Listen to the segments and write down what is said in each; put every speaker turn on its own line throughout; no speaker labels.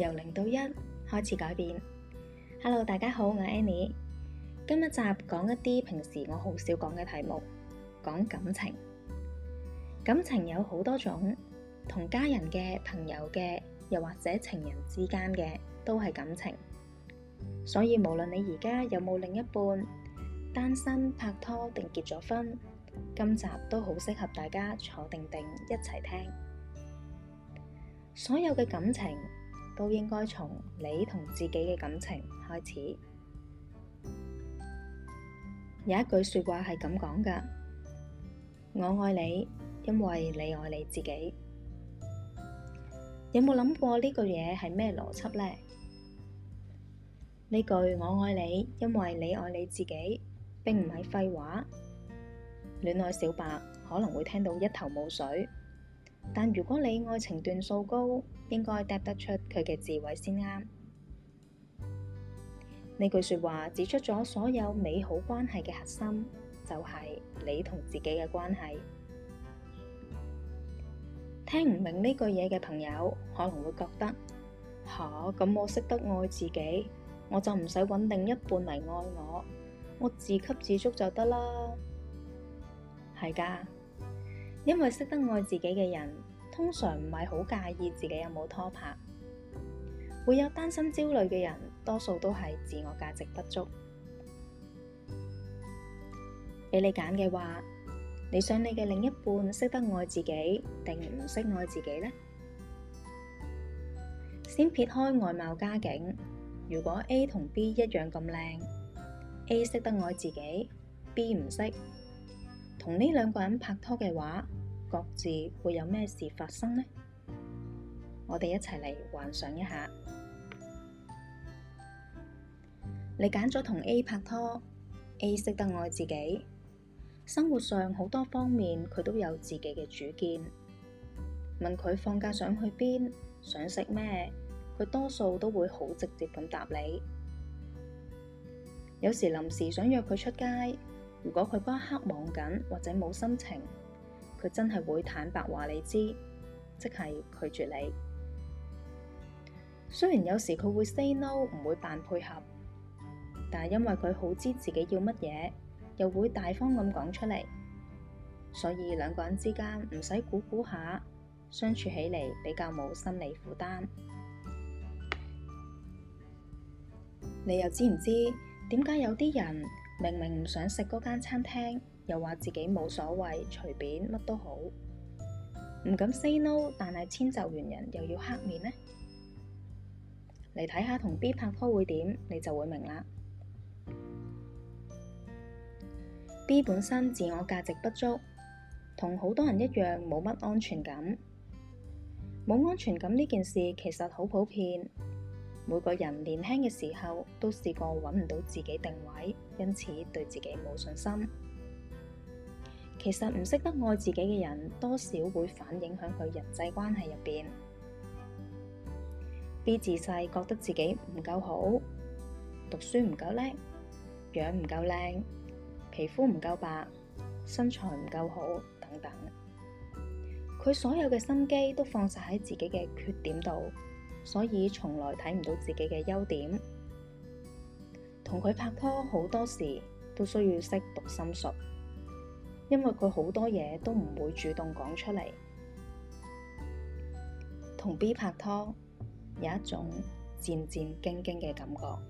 由零到一開始改變。Hello，大家好，我係 Annie。今日集講一啲平時我好少講嘅題目，講感情。感情有好多種，同家人嘅、朋友嘅，又或者情人之間嘅，都係感情。所以無論你而家有冇另一半，單身、拍拖定結咗婚，今集都好適合大家坐定定一齊聽。所有嘅感情。都應該從你同自己嘅感情開始。有一句說話係咁講噶：我愛你，因為你愛你自己。有冇諗過呢句嘢係咩邏輯呢？呢句我愛你，因為你愛你自己，並唔係廢話。戀愛小白可能會聽到一頭霧水。但如果你愛情段數高，應該答得出佢嘅智慧先啱。呢 句說話指出咗所有美好關係嘅核心，就係、是、你同自己嘅關係。 聽唔明呢句嘢嘅朋友，可能會覺得吓咁、啊嗯，我識得愛自己，我就唔使揾另一半嚟愛我，我自給自足就得啦。係噶。因為識得愛自己嘅人，通常唔係好介意自己有冇拖拍，會有單身焦慮嘅人，多數都係自我價值不足。俾你揀嘅話，你想你嘅另一半識得愛自己，定唔識愛自己呢？先撇開外貌家境，如果 A 同 B 一樣咁靚，A 識得愛自己，B 唔識。同呢兩個人拍拖嘅話，各自會有咩事發生呢？我哋一齊嚟幻想一下。你揀咗同 A 拍拖，A 識得愛自己，生活上好多方面佢都有自己嘅主見。問佢放假想去邊，想食咩，佢多數都會好直接咁答你。有時臨時想約佢出街，如果佢嗰刻忙緊或者冇心情，佢真係會坦白話你知，即係拒絕你。雖然有時佢會 say no 唔會扮配合，但係因為佢好知自己要乜嘢，又會大方咁講出嚟，所以兩個人之間唔使估估下，相處起嚟比較冇心理負擔。你又知唔知點解有啲人？明明唔想食嗰間餐廳，又話自己冇所謂，隨便乜都好，唔敢 say no，但係遷就完人又要黑面呢？嚟睇下，同 B 拍拖會點，你就會明啦。B 本身自我價值不足，同好多人一樣冇乜安全感，冇安全感呢件事其實好普遍。每個人年輕嘅時候都試過揾唔到自己定位，因此對自己冇信心。其實唔識得愛自己嘅人，多少會反映響佢人際關係入邊。B 自細覺得自己唔夠好，讀書唔夠叻，樣唔夠靚，皮膚唔夠白，身材唔夠好，等等。佢所有嘅心機都放晒喺自己嘅缺點度。所以從來睇唔到自己嘅優點，同佢拍拖好多時都需要識讀心術，因為佢好多嘢都唔會主動講出嚟。同 B 拍拖有一種戰戰兢兢嘅感覺。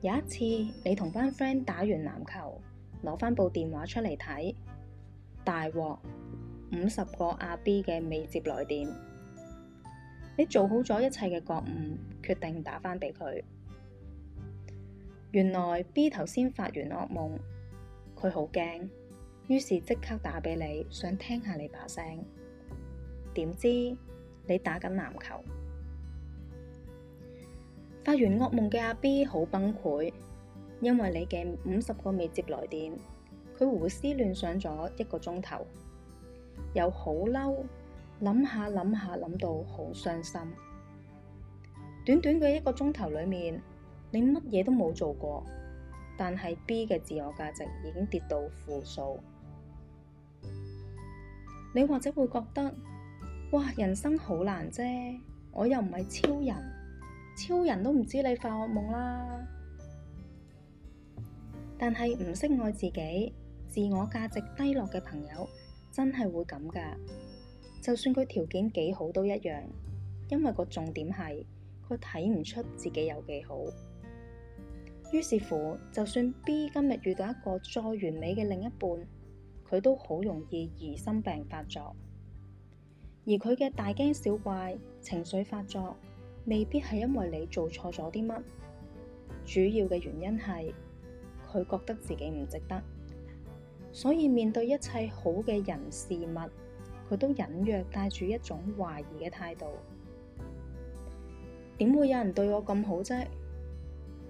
有一次你同班 friend 打完籃球，攞翻部電話出嚟睇，大鑊，五十個阿 B 嘅未接來電。你做好咗一切嘅覺悟，決定打返俾佢。原來 B 頭先發完噩夢，佢好驚，於是即刻打俾你，想聽下你把聲。點知，你打緊籃球，發完噩夢嘅阿 B 好崩潰，因為你嘅五十個未接來電，佢胡思亂想咗一個鐘頭，又好嬲。諗下諗下諗到好傷心，短短嘅一個鐘頭裏面，你乜嘢都冇做過，但係 B 嘅自我價值已經跌到負數，你或者會覺得，哇，人生好難啫，我又唔係超人，超人都唔知你發惡夢啦，但係唔識愛自己、自我價值低落嘅朋友，真係會咁噶。就算佢條件幾好都一樣，因為個重點係佢睇唔出自己有幾好。於是乎，就算 B 今日遇到一個再完美嘅另一半，佢都好容易疑心病發作。而佢嘅大驚小怪、情緒發作，未必係因為你做錯咗啲乜，主要嘅原因係佢覺得自己唔值得，所以面對一切好嘅人事物。佢都隱約帶住一種懷疑嘅態度，點會有人對我咁好啫？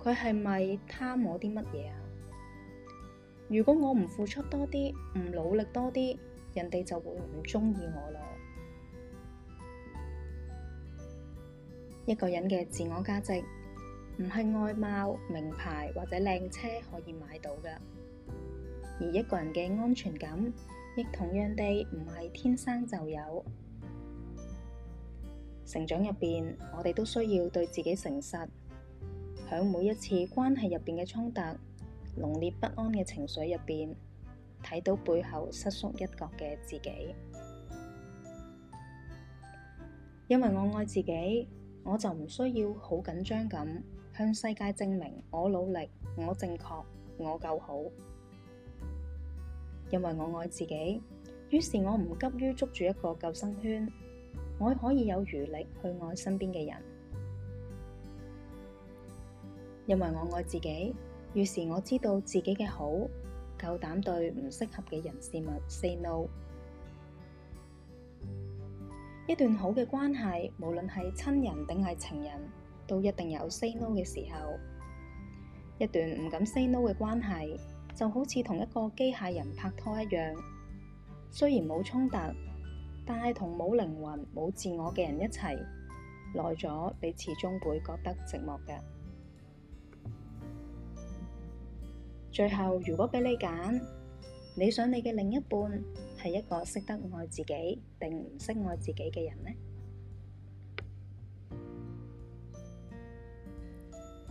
佢係咪貪我啲乜嘢啊？如果我唔付出多啲，唔努力多啲，人哋就會唔鍾意我啦。一個人嘅自我價值唔係外貌、名牌或者靚車可以買到㗎，而一個人嘅安全感。亦同樣地，唔係天生就有。成長入邊，我哋都需要對自己誠實。響每一次關係入邊嘅衝突、濃烈不安嘅情緒入邊，睇到背後失縮一角嘅自己。因為我愛自己，我就唔需要好緊張咁向世界證明我努力、我正確、我夠好。因為我愛自己，於是我唔急於捉住一個救生圈，我可以有餘力去愛身邊嘅人。因為我愛自己，於是我知道自己嘅好，夠膽對唔適合嘅人事物 say no。一段好嘅關係，無論係親人定係情人，都一定有 say no 嘅時候。一段唔敢 say no 嘅關係。就好似同一個機械人拍拖一樣，雖然冇衝突，但係同冇靈魂、冇自我嘅人一齊，耐咗你始終會覺得寂寞嘅。最後，如果俾你揀，你想你嘅另一半係一個識得愛自己定唔識愛自己嘅人呢？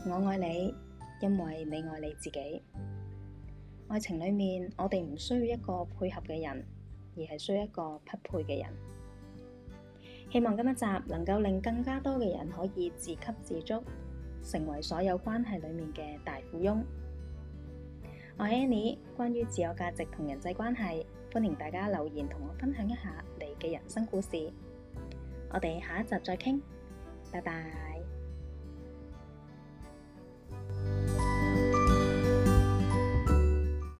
我愛你，因為你愛你自己。愛情裡面，我哋唔需要一個配合嘅人，而係需要一個匹配嘅人。希望今一集能夠令更加多嘅人可以自給自足，成為所有關係裡面嘅大富翁。我係 Annie，關於自我價值同人際關係，歡迎大家留言同我分享一下你嘅人生故事。我哋下一集再傾，拜拜。